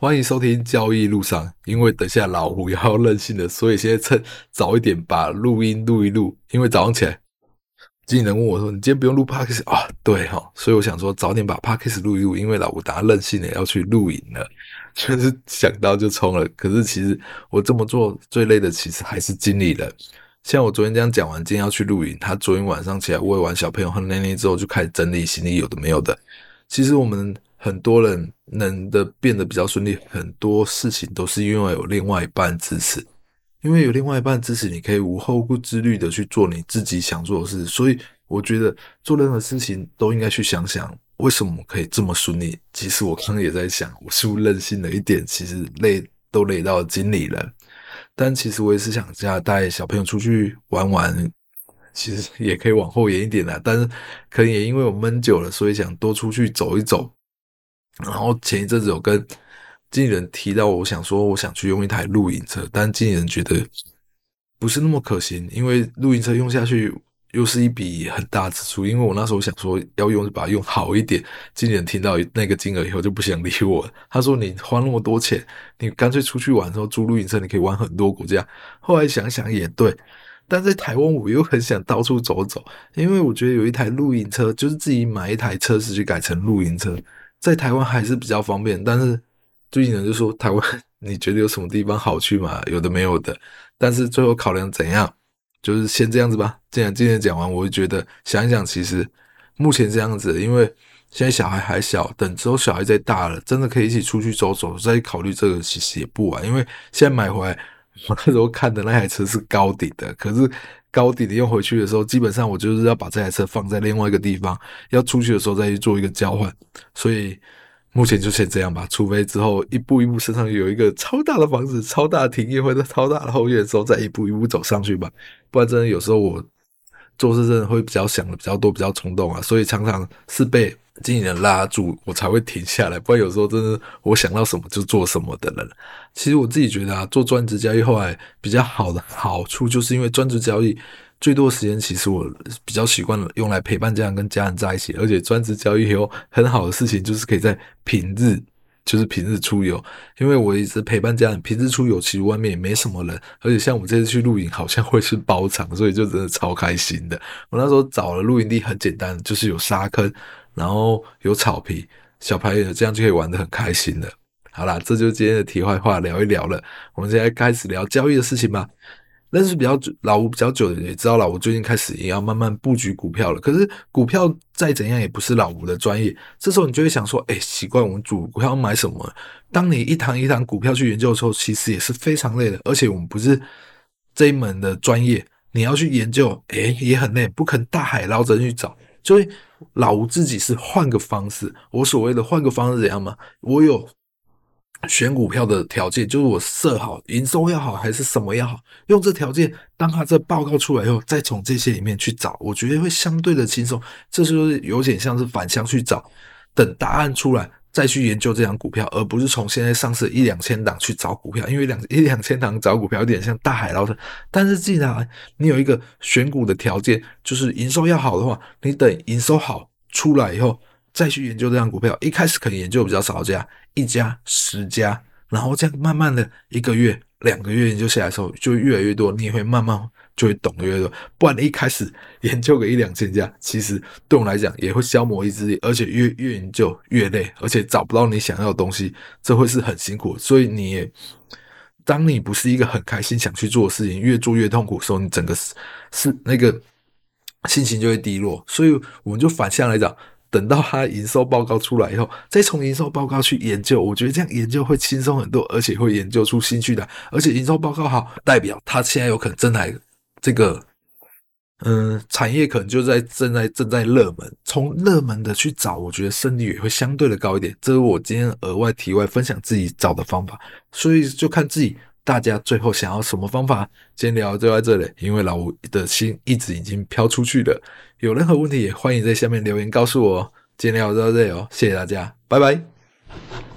歡迎收聽交易路上，因為等下老吳要，要任性的，所以現在趁早一點把錄音錄一錄。因為早上起來，經理人問我說：“你今天不用錄 Podcast 啊？”對哈、哦，所以我想說，早點把 Podcast 錄一錄，因為老吳等下任性的要去錄影了，就 是想到就衝了。可是其實我這麼做最累的，其實還是經理人。像我昨天這樣講完，今天要去錄影，他昨天晚上起來餵完小朋友和奶奶之後，就開始整理行李，有的沒有的。其實我們。很多人能的變得比較順利，很多事情都是因為有另外一半支持，因為有另外一半支持，你可以無後顧之慮的去做你自己想做的事。所以我覺得做任何事情都應該去想想為什麼可以這麼順利？其實我剛剛也在想，我是不是任性了一點？其實累都累到經理了，但其實我也是想家、帶小朋友出去玩玩，其實也可以往後延一點啦，但是可能也因為我悶久了，所以想多出去走一走。然後前一陣子有跟經紀人提到，我想說我想去用一台露營車，但經紀人覺得不是那麼可行，因為露營車用下去又是一筆很大支出。因為我那時候想說要用，就把它用好一點。經紀人聽到那個金額以後就不想理我了，他說：“你花那麼多錢，你乾脆出去玩的時候租露營車，你可以玩很多國家。”後來想想也對，但在台灣我又很想到處走走，因為我覺得有一台露營車，就是自己買一台車子去改成露營車。在台灣還是比較方便，但是最近呢就說台灣，你覺得有什麼地方好去嗎？有的沒有的，但是最後考量，怎樣，就是先這樣子吧。這樣今天講完，我就覺得想一想，其實目前這樣子，因為現在小孩還小，等之後小孩再大了，真的可以一起出去走走，再考慮這個其實也不晚。因為現在買回來。我那時候看的那台車是高頂的，可是高頂的又回去的時候，基本上我就是要把這台車放在另外一個地方，要出去的時候再去做一個交換。所以目前就先這樣吧，除非之後一步一步身上有一個超大的房子、超大的庭院或者超大的後院的時候，再一步一步走上去吧。不然真的有時候我。做事真的會比較想的比較多，比較衝動啊，所以常常是被經紀人拉住，我才會停下來。不然有時候真的我想到什麼就做什麼的人，其實我自己覺得啊，做專職交易後來比較好的好處，就是因為專職交易最多時間，其實我比較習慣用來陪伴家人，跟家人在一起，而且專職交易有很好的事情就是可以在平日。就是平日出遊，因為我一直陪伴家人。平日出遊其實外面也沒什麼人，而且像我們這次去露營，好像會是包場，所以就真的超開心的。我那時候找了露營地，很簡單，就是有沙坑，然後有草皮，小朋友這樣就可以玩得很開心了。好啦，這就是今天的題外話聊一聊了。我們現在開始聊教育的事情吧。認識比，比較久，老吳比較久的人也知道老吳最近開始也要慢慢布局股票了。可是股票再怎樣也不是老吳的專業，這時候你就會想說，哎、欸，奇怪，我們主股票要買什麼？當你一堂一堂股票去研究的時候，其實也是非常累的。而且我們不是這一門的專業，你要去研究，哎、欸，也很累，不肯大海撈針去找。所以老吳自己是換個方式，我所謂的換個方式怎樣嘛？我有。選股票的條件就是我設好營收要好還是什麼要好，用這條件，當他這報告出來以後，再從這些裡面去找，我覺得會相對的輕鬆。這是有點像是反向去找，等答案出來再去研究這張股票，而不是從現在上市一兩千檔去找股票，因為兩一兩千檔找股票有點像大海撈針。但是既然你有一個選股的條件，就是營收要好的話，你等營收好出來以後。再去研究這樣股票，一開始可能研究比較少，加一家、十家，然後這樣慢慢的，一個月、兩個月研究下來的時候，就越來越多，你也會慢慢就會懂得越、越多。不然你一開始研究個一兩千家，其實對我來講也會消磨意志力，而且越越研究越累，而且找不到你想要的東西，這會是很辛苦。所以你當你不是一個很開心想去做的事情，越做越痛苦的時候，你整個是是那個心情就會低落。所以我們就反向來講。等到它營收報告出來以後，再從營收報告去研究，我覺得這樣研究會輕鬆很多，而且會研究出新趨勢。而且營收報告好，代表它現在有可能正在這個，嗯、呃，產業可能就在正在正在熱門。從熱門的去找，我覺得勝率也會相對的高一點。這是我今天額外題外分享自己找的方法，所以就看自己。大家最後想要什麼方法。今天聊就到這裡，因為老吳的心一直已經飄出去了。有任何問題，也歡迎在下面留言告訴我。今天聊到這裡哦，謝謝大家，拜拜。